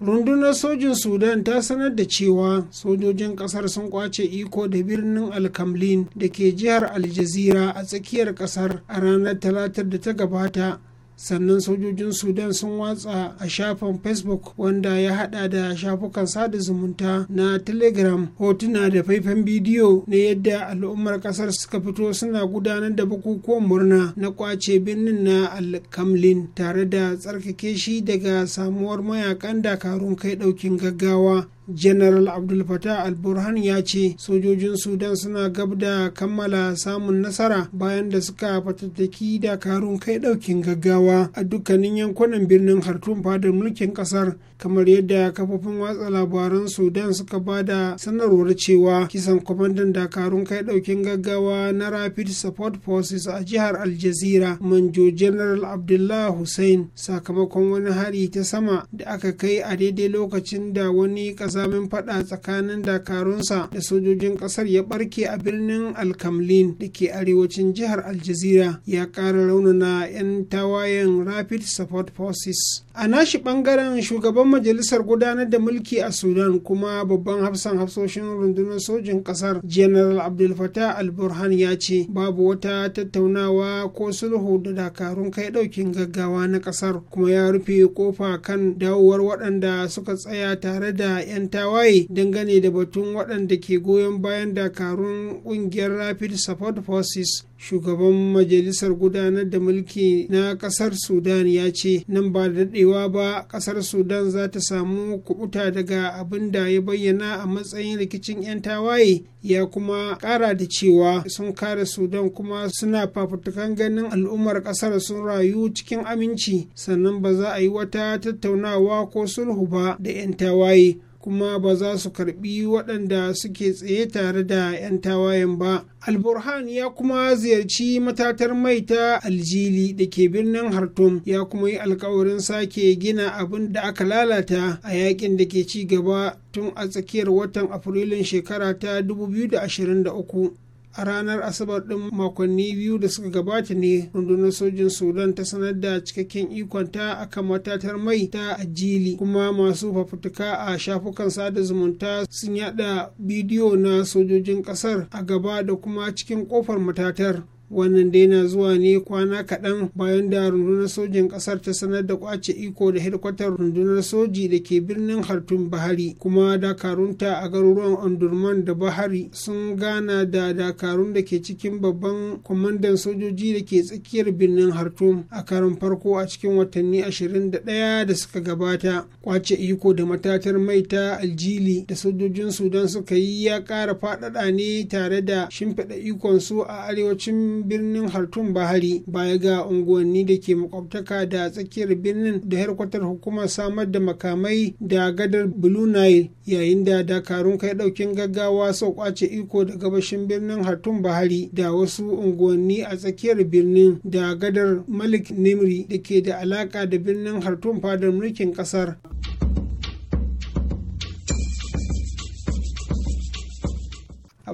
rundunar sojin sudan ta sanar da cewa sojojin kasar sun kwace iko da birnin alkamlin da ke jihar aljazira a tsakiyar kasar a ranar talatar da ta gabata sannan sojojin sudan sun watsa a shafin facebook wanda ya hada da shafukan sada zumunta na telegram hotuna da faifan bidiyo na yadda al'ummar kasar suka fito suna gudanar da bukukuwan murna na kwace birnin na alkamlin tare da tsarkake shi daga samuwar mayakan dakarun kai daukin gaggawa general abdul fatah al-burhan ya ce sojojin sudan suna gab da kammala samun nasara bayan da suka fatattaki dakarun kai daukin gaggawa a dukkanin yankunan birnin khartoum fadar mulkin kasar kamar yadda kafofin watsa labaran sudan suka ba da sanarwar cewa kisan kwamandan dakarun kai daukin gaggawa na rapid support forces a jihar aljazira manjo general abdullah hussein sakamakon wani hari ta sama da aka kai a daidai lokacin da wani kasa kazamin fada tsakanin dakarunsa da sojojin kasar ya barke a birnin alkamlin da ke arewacin jihar aljazira ya kara raunana 'yan tawayen rapid support forces a nashi bangaren shugaban majalisar gudanar da mulki a sudan kuma babban hafsan hafsoshin rundunar sojin kasar general abdul fatah al-burhan ya ce babu wata tattaunawa ko sulhu da dakarun kai daukin gaggawa na kasar kuma ya rufe kofa kan dawowar waɗanda suka tsaya tare da 'yan tawaye dangane da batun waɗanda ke goyon bayan dakarun ƙungiyar rapid support forces shugaban majalisar gudanar da mulki na ƙasar sudan ya ce nan ba da daɗewa ba ƙasar sudan za ta samu kubuta daga abin da ya bayyana a matsayin rikicin 'yan tawaye ya kuma ƙara da cewa sun kare sudan kuma suna fafutukan ganin al'ummar ƙasar sun rayu cikin aminci sannan ba za a yi wata tattaunawa ko sulhu ba da 'yan tawaye kuma ba za su karbi waɗanda suke tsaye tare da 'yan tawayen ba alburhan ya kuma ziyarci matatar mai ta aljili da ke birnin hartum ya kuma yi alkawarin sake gina abin da aka lalata a yakin da ke ci gaba tun a tsakiyar watan afrilun shekara ta 2023 a ranar asabar ɗin makonni biyu da suka gabata ne rundunar sojin sudan ta sanar da cikakken ikonta akan matatar mai ta ajili kuma masu fafutuka a shafukan sada zumunta sun yada bidiyo na sojojin ƙasar a gaba da kuma cikin ƙofar matatar wannan dai na zuwa ne kwana kaɗan bayan da rundunar sojin ƙasar ta sanar da kwace iko da hedkwatar rundunar soji da ke birnin hartun bahari kuma dakarunta a garuruwan ondurman da bahari sun gana da dakarun da ke cikin babban kwamandan sojoji da ke tsakiyar birnin hartun a karin farko a cikin watanni 21 da suka gabata kwace iko da matatar mai ta aljili da sojojin sudan suka yi ya ƙara faɗaɗa ne tare da shimfiɗa ikonsu a arewacin birnin hartun bahari baya ga unguwanni da ke makwabtaka da tsakiyar birnin da harkwatar hukumar samar da makamai da gadar blue nile yayin da dakarun kai daukin gaggawa sau kwace iko da gabashin birnin hartun bahari da wasu unguwanni a tsakiyar birnin da gadar malik nimri da ke da alaka da birnin hartun fadar mulkin kasar.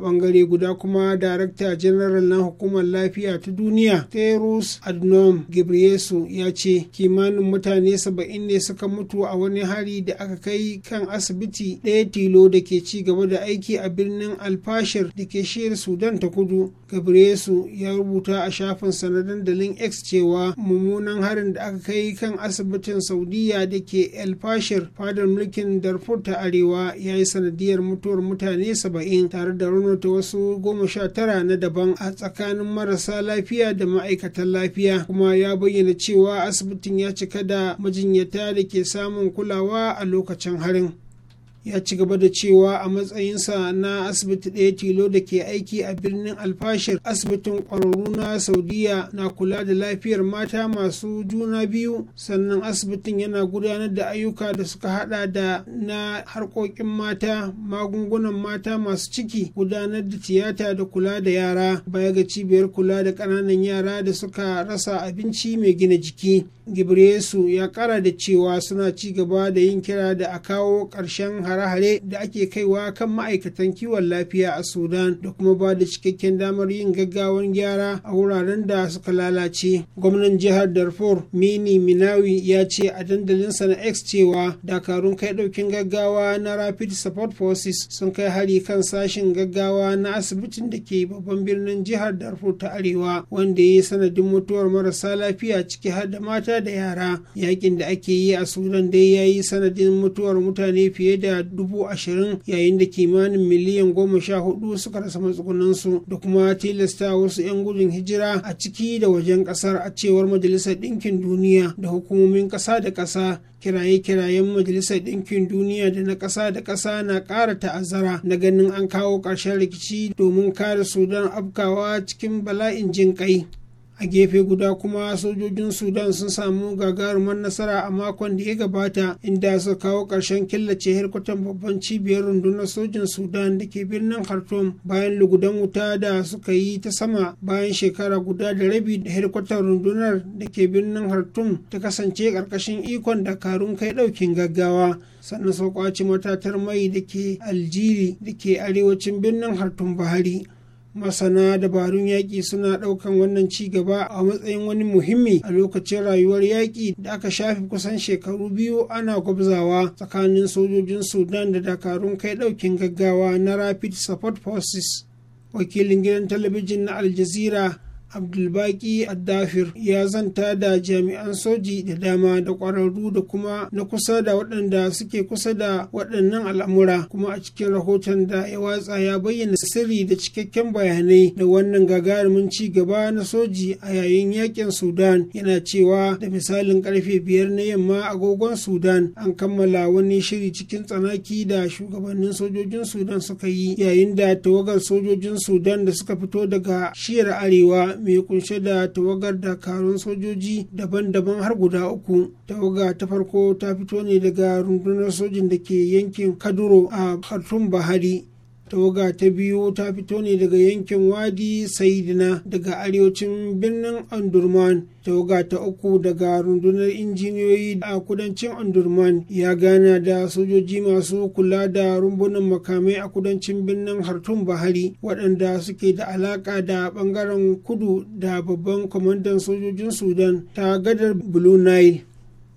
bangare guda kuma darakta janaral na hukumar lafiya ta duniya terus adnom gabriesu ya ce kimanin mutane saba'in ne suka mutu a wani hari da aka kai kan asibiti ɗaya tilo da ke ci gaba da aiki a birnin alfashir da ke shiyar sudan ta kudu ghebreyesu ya rubuta a shafin sanadin dalin x cewa mummunan harin da aka kai kan asibitin saudiya da ke alfashir fadar mulkin darfur ta arewa ya yi sanadiyar mutuwar mutane saba'in tare da raunar ta wasu goma sha tara na daban a tsakanin marasa lafiya da ma'aikatan lafiya kuma ya bayyana cewa asibitin ya cika da majinyata da ke samun kulawa a lokacin harin ya ci gaba da cewa a matsayinsa na asibiti ɗaya tilo da ke aiki a birnin alfashir asibitin ƙwararru na saudiya na kula da lafiyar mata masu juna biyu sannan asibitin yana gudanar da ayyuka da suka hada da na harkokin mata magungunan mata masu ciki gudanar da tiyata da kula da yara baya ga cibiyar kula da ƙananan yara da suka rasa abinci mai gina jiki gibresu ya kara da cewa suna ci gaba da yin kira da a kawo ƙarshen hare-hare da ake kaiwa kan ma'aikatan kiwon lafiya a sudan da kuma ba da cikakken damar yin gaggawan gyara a wuraren da suka lalace gwamnan jihar darfur mini minawi ya ce a dandalinsa na x cewa dakarun kai daukin gaggawa na rapid support forces sun kai hari kan sashen gaggawa na asibitin da ke babban birnin jihar darfur ta arewa wanda ya yi sanadin mutuwar marasa lafiya ciki har da mata da yara yakin da ake yi a sudan dai ya yi sanadin mutuwar mutane fiye da dubu ashirin yayin da kimanin miliyan goma sha hudu suka rasa matsugunansu da kuma tilasta wasu 'yan gudun hijira a ciki da wajen kasar a cewar majalisar ɗinkin duniya da hukumomin ƙasa da ƙasa kiraye-kirayen majalisar ɗinkin duniya da na ƙasa da ƙasa na ƙara ta'azzara na ganin an kawo ƙarshen rikici domin kare sudan afkawa cikin bala'in jin ƙai a gefe guda kuma sojojin sudan sun samu gagarumar nasara a makon da ya gabata inda su kawo ƙarshen killace harkutan babban cibiyar rundunar sojin sudan da ke birnin khartoum bayan lugudan wuta da suka yi ta sama bayan shekara guda da rabi da harkutan rundunar da ke birnin khartoum ta kasance ƙarƙashin ikon dakarun kai ɗaukin gaggawa sannan sun matatar mai da ke aljiri da ke arewacin birnin hartun bahari masana dabarun yaƙi suna ɗaukan wannan ci gaba a matsayin wani muhimmi a lokacin rayuwar yaƙi da aka shafi kusan shekaru biyu ana gwabzawa tsakanin sojojin sudan da dakarun kai ɗaukin gaggawa na rapid support forces wakilin gidan talabijin na aljazeera. abdulbaki addafir ya zanta da jami'an soji da dama da kwararru da kuma na kusa da waɗanda suke kusa da waɗannan al'amura kuma a cikin rahoton da ya watsa ya bayyana sirri da cikakken bayanai da wannan gagarumin ci gaba na soji a yayin yakin sudan yana cewa da misalin karfe biyar na yamma agogon sudan an kammala wani shiri cikin tsanaki da shugabannin sojojin sudan suka yi yayin da tawagar sojojin sudan da suka fito daga shiyar arewa mai kunshe da tawagar dakarun sojoji daban-daban har guda uku tawaga ta farko ta fito ne daga rundunar sojin da ke yankin kaduro a khartoum bahari tawaga ta biyu ta fito ne daga yankin wadi saidina daga arewacin birnin andurman tawaga ta uku daga rundunar injiniyoyi a kudancin andurman ya gana da sojoji masu kula da rumbunan makamai a kudancin birnin hartun bahari waɗanda suke da alaka da ɓangaren kudu da babban kwamandan sojojin sudan ta gadar blue nile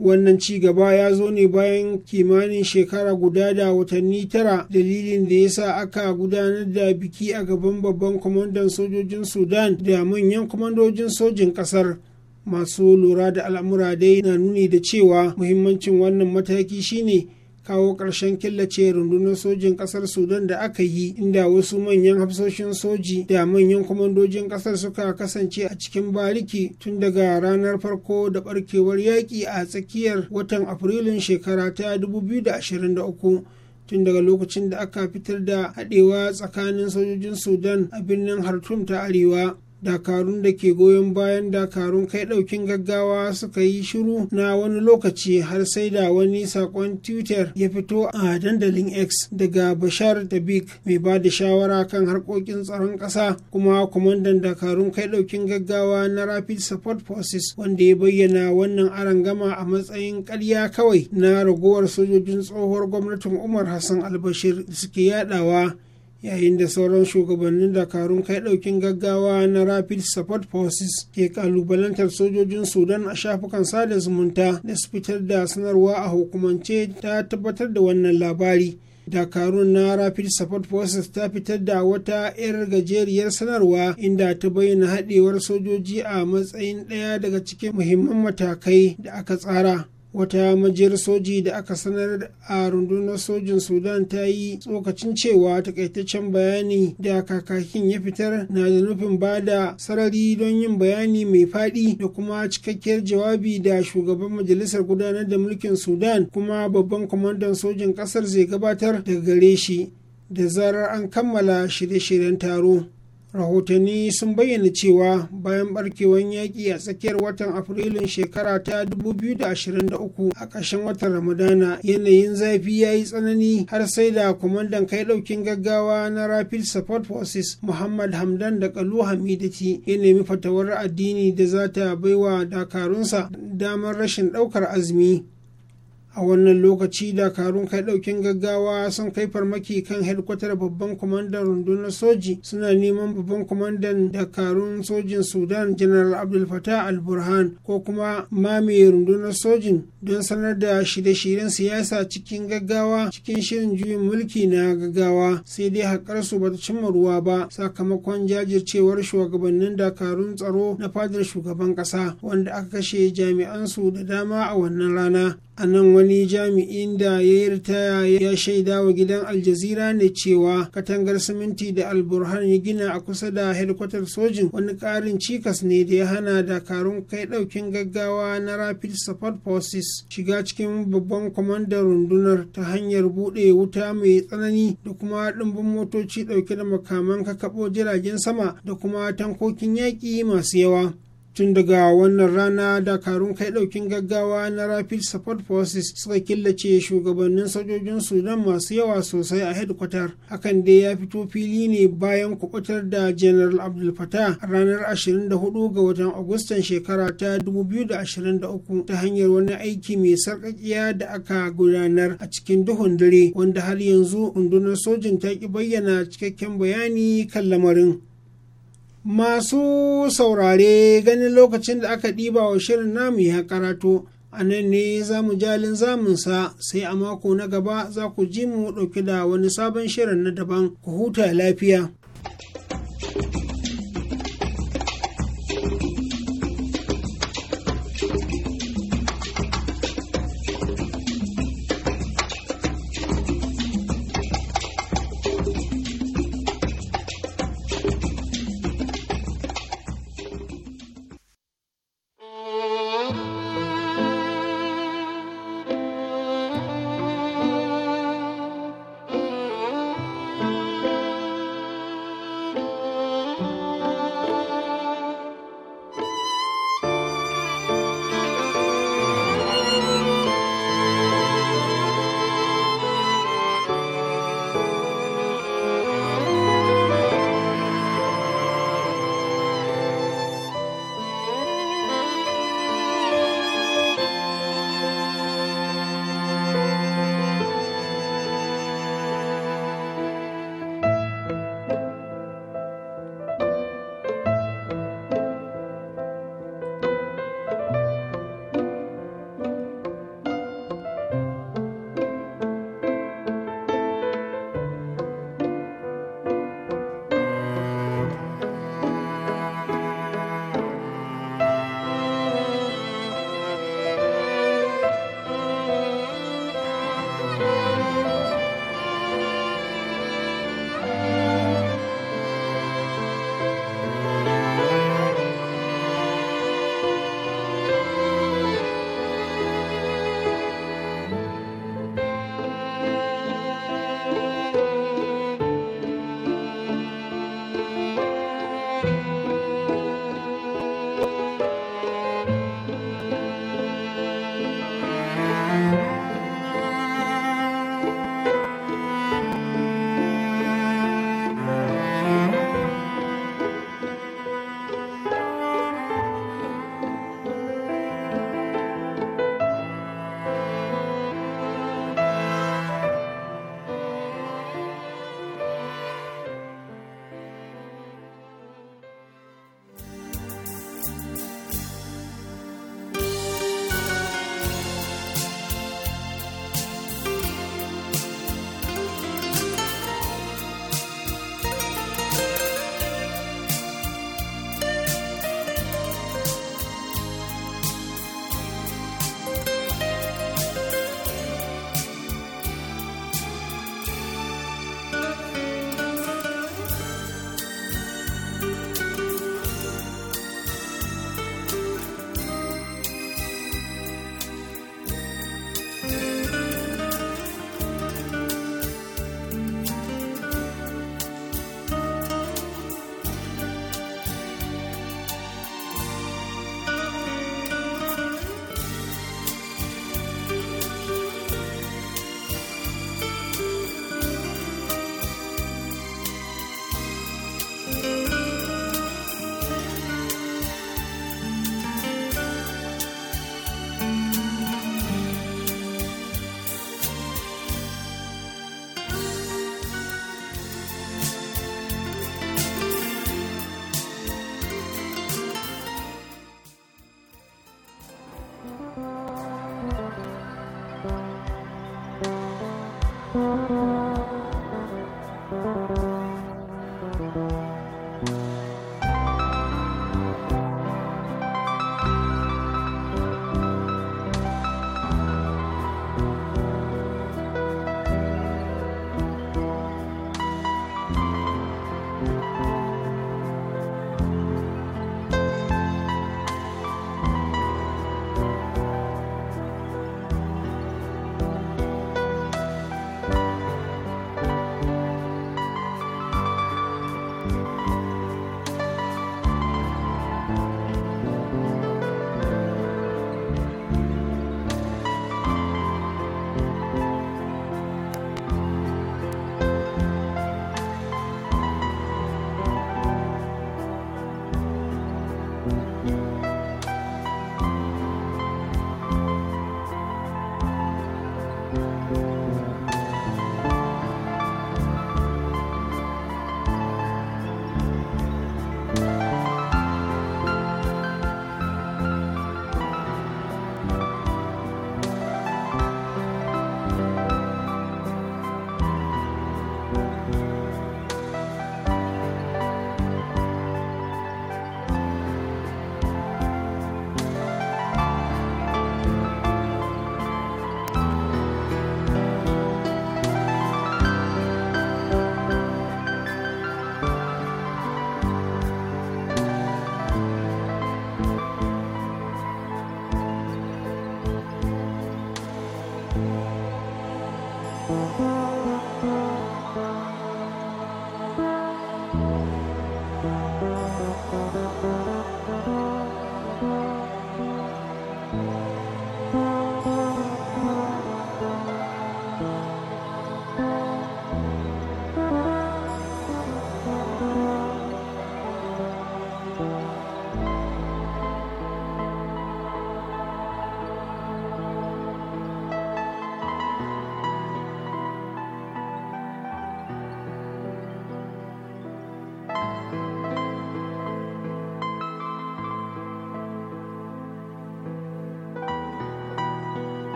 wannan ci gaba ya zo ne bayan kimanin shekara guda da watanni tara dalilin da ya sa aka gudanar da biki a gaban babban kwamandan sojojin sudan da manyan kwamandojin sojin kasar masu lura da al'amura dai na nuni da cewa muhimmancin wannan mataki shine kawo ƙarshen killace rundunar sojin ƙasar sudan da aka yi inda wasu manyan hafsoshin soji da manyan kwamandojin ƙasar suka kasance a cikin bariki tun daga ranar farko da ɓarkewar yaƙi a tsakiyar watan afrilun shekara ta 2023 tun daga lokacin da aka fitar da haɗewa tsakanin sojojin sudan a birnin hartum ta arewa dakarun da ke goyon bayan dakarun kai daukin gaggawa suka yi shiru na wani lokaci har sai da wani sakon twitter ya fito a dandalin x daga bashar da big mai ba da shawara kan harkokin tsaron ƙasa kuma kwamandan dakarun kai daukin gaggawa na rapid support forces wanda ya bayyana wannan arangama a matsayin karya kawai na ragowar sojojin tsohuwar gwamnatin umar hassan albashir suke yadawa yayin da sauran shugabannin dakarun kai daukin gaggawa na rapid support forces ke kalubalantar sojojin sudan a shafukan sada zumunta da su fitar da sanarwa a hukumance ta tabbatar da wannan labari dakarun na rapid support forces ta fitar da wata 'yar gajeriyar sanarwa inda ta bayyana haɗewar sojoji a matsayin ɗaya daga cikin muhimman matakai da aka tsara wata majiyar soji da aka sanar a rundunar sojin sudan ta yi tsokacin cewa takaitaccen bayani da kakakin ya fitar na da nufin ba da sarari don yin bayani mai faɗi da kuma cikakkiyar jawabi da shugaban majalisar gudanar da mulkin sudan kuma babban kwamandan sojin ƙasar zai gabatar daga gare shi da zarar an kammala shirye-shiryen taro rahotanni sun bayyana cewa bayan barkewar yaƙi a tsakiyar watan afrilun shekara ta 2023 a ƙarshen watan ramadana yanayin zafi ya yi tsanani har sai da kwamandan kai ɗaukin gaggawa na rapid support forces muhammad hamdan da kalu hamidati ya nemi fatawar addini da za ta baiwa dakarunsa damar rashin ɗaukar azumi a wannan lokaci dakarun kai daukin gaggawa sun kai farmaki kan hedkwatar babban kwamandan rundunar soji suna neman babban kwamandan dakarun sojin sudan general abdul fatah al burhan ko kuma mamaye rundunar sojin don sanar da shirye-shiryen siyasa cikin gaggawa cikin shirin juyin mulki na gaggawa sai dai haƙar su ta cimma ruwa ba sakamakon jajircewar shugabannin dakarun tsaro na fadar shugaban ƙasa wanda aka kashe jami'an su da dama a wannan rana a nan wani jami'in da ya yi ritaya ya shaida wa gidan aljazira ne cewa katangar siminti da alburhan ya gina a kusa da helikwatar sojin wani ƙarin cikas ne da ya hana dakarun kai ɗaukin gaggawa na rapid support forces shiga cikin babban kwamandan rundunar ta hanyar buɗe wuta mai tsanani da kuma dimbin motoci ɗauke da makaman kakaɓo jiragen sama da kuma tankokin yaƙi masu yawa tun daga wannan rana dakarun kai daukin gaggawa na rapid support forces suka killace shugabannin sojojin sudan masu yawa sosai a hedkwatar hakan dai ya fito fili ne bayan kubutar da general abdul fatah ranar 24 ga watan agustan shekara ta 2023 ta hanyar wani aiki mai sarkakiya da aka gudanar a cikin duhun dare wanda har yanzu rundunar sojin ta ki bayyana cikakken bayani kan lamarin Masu saurare ganin lokacin da aka ɗiba wa shirin namu ya karato, a nan ne za mu jalin zamunsa sai a mako na gaba za ku ji mu ɗauki da wani sabon shirin na daban ku huta lafiya.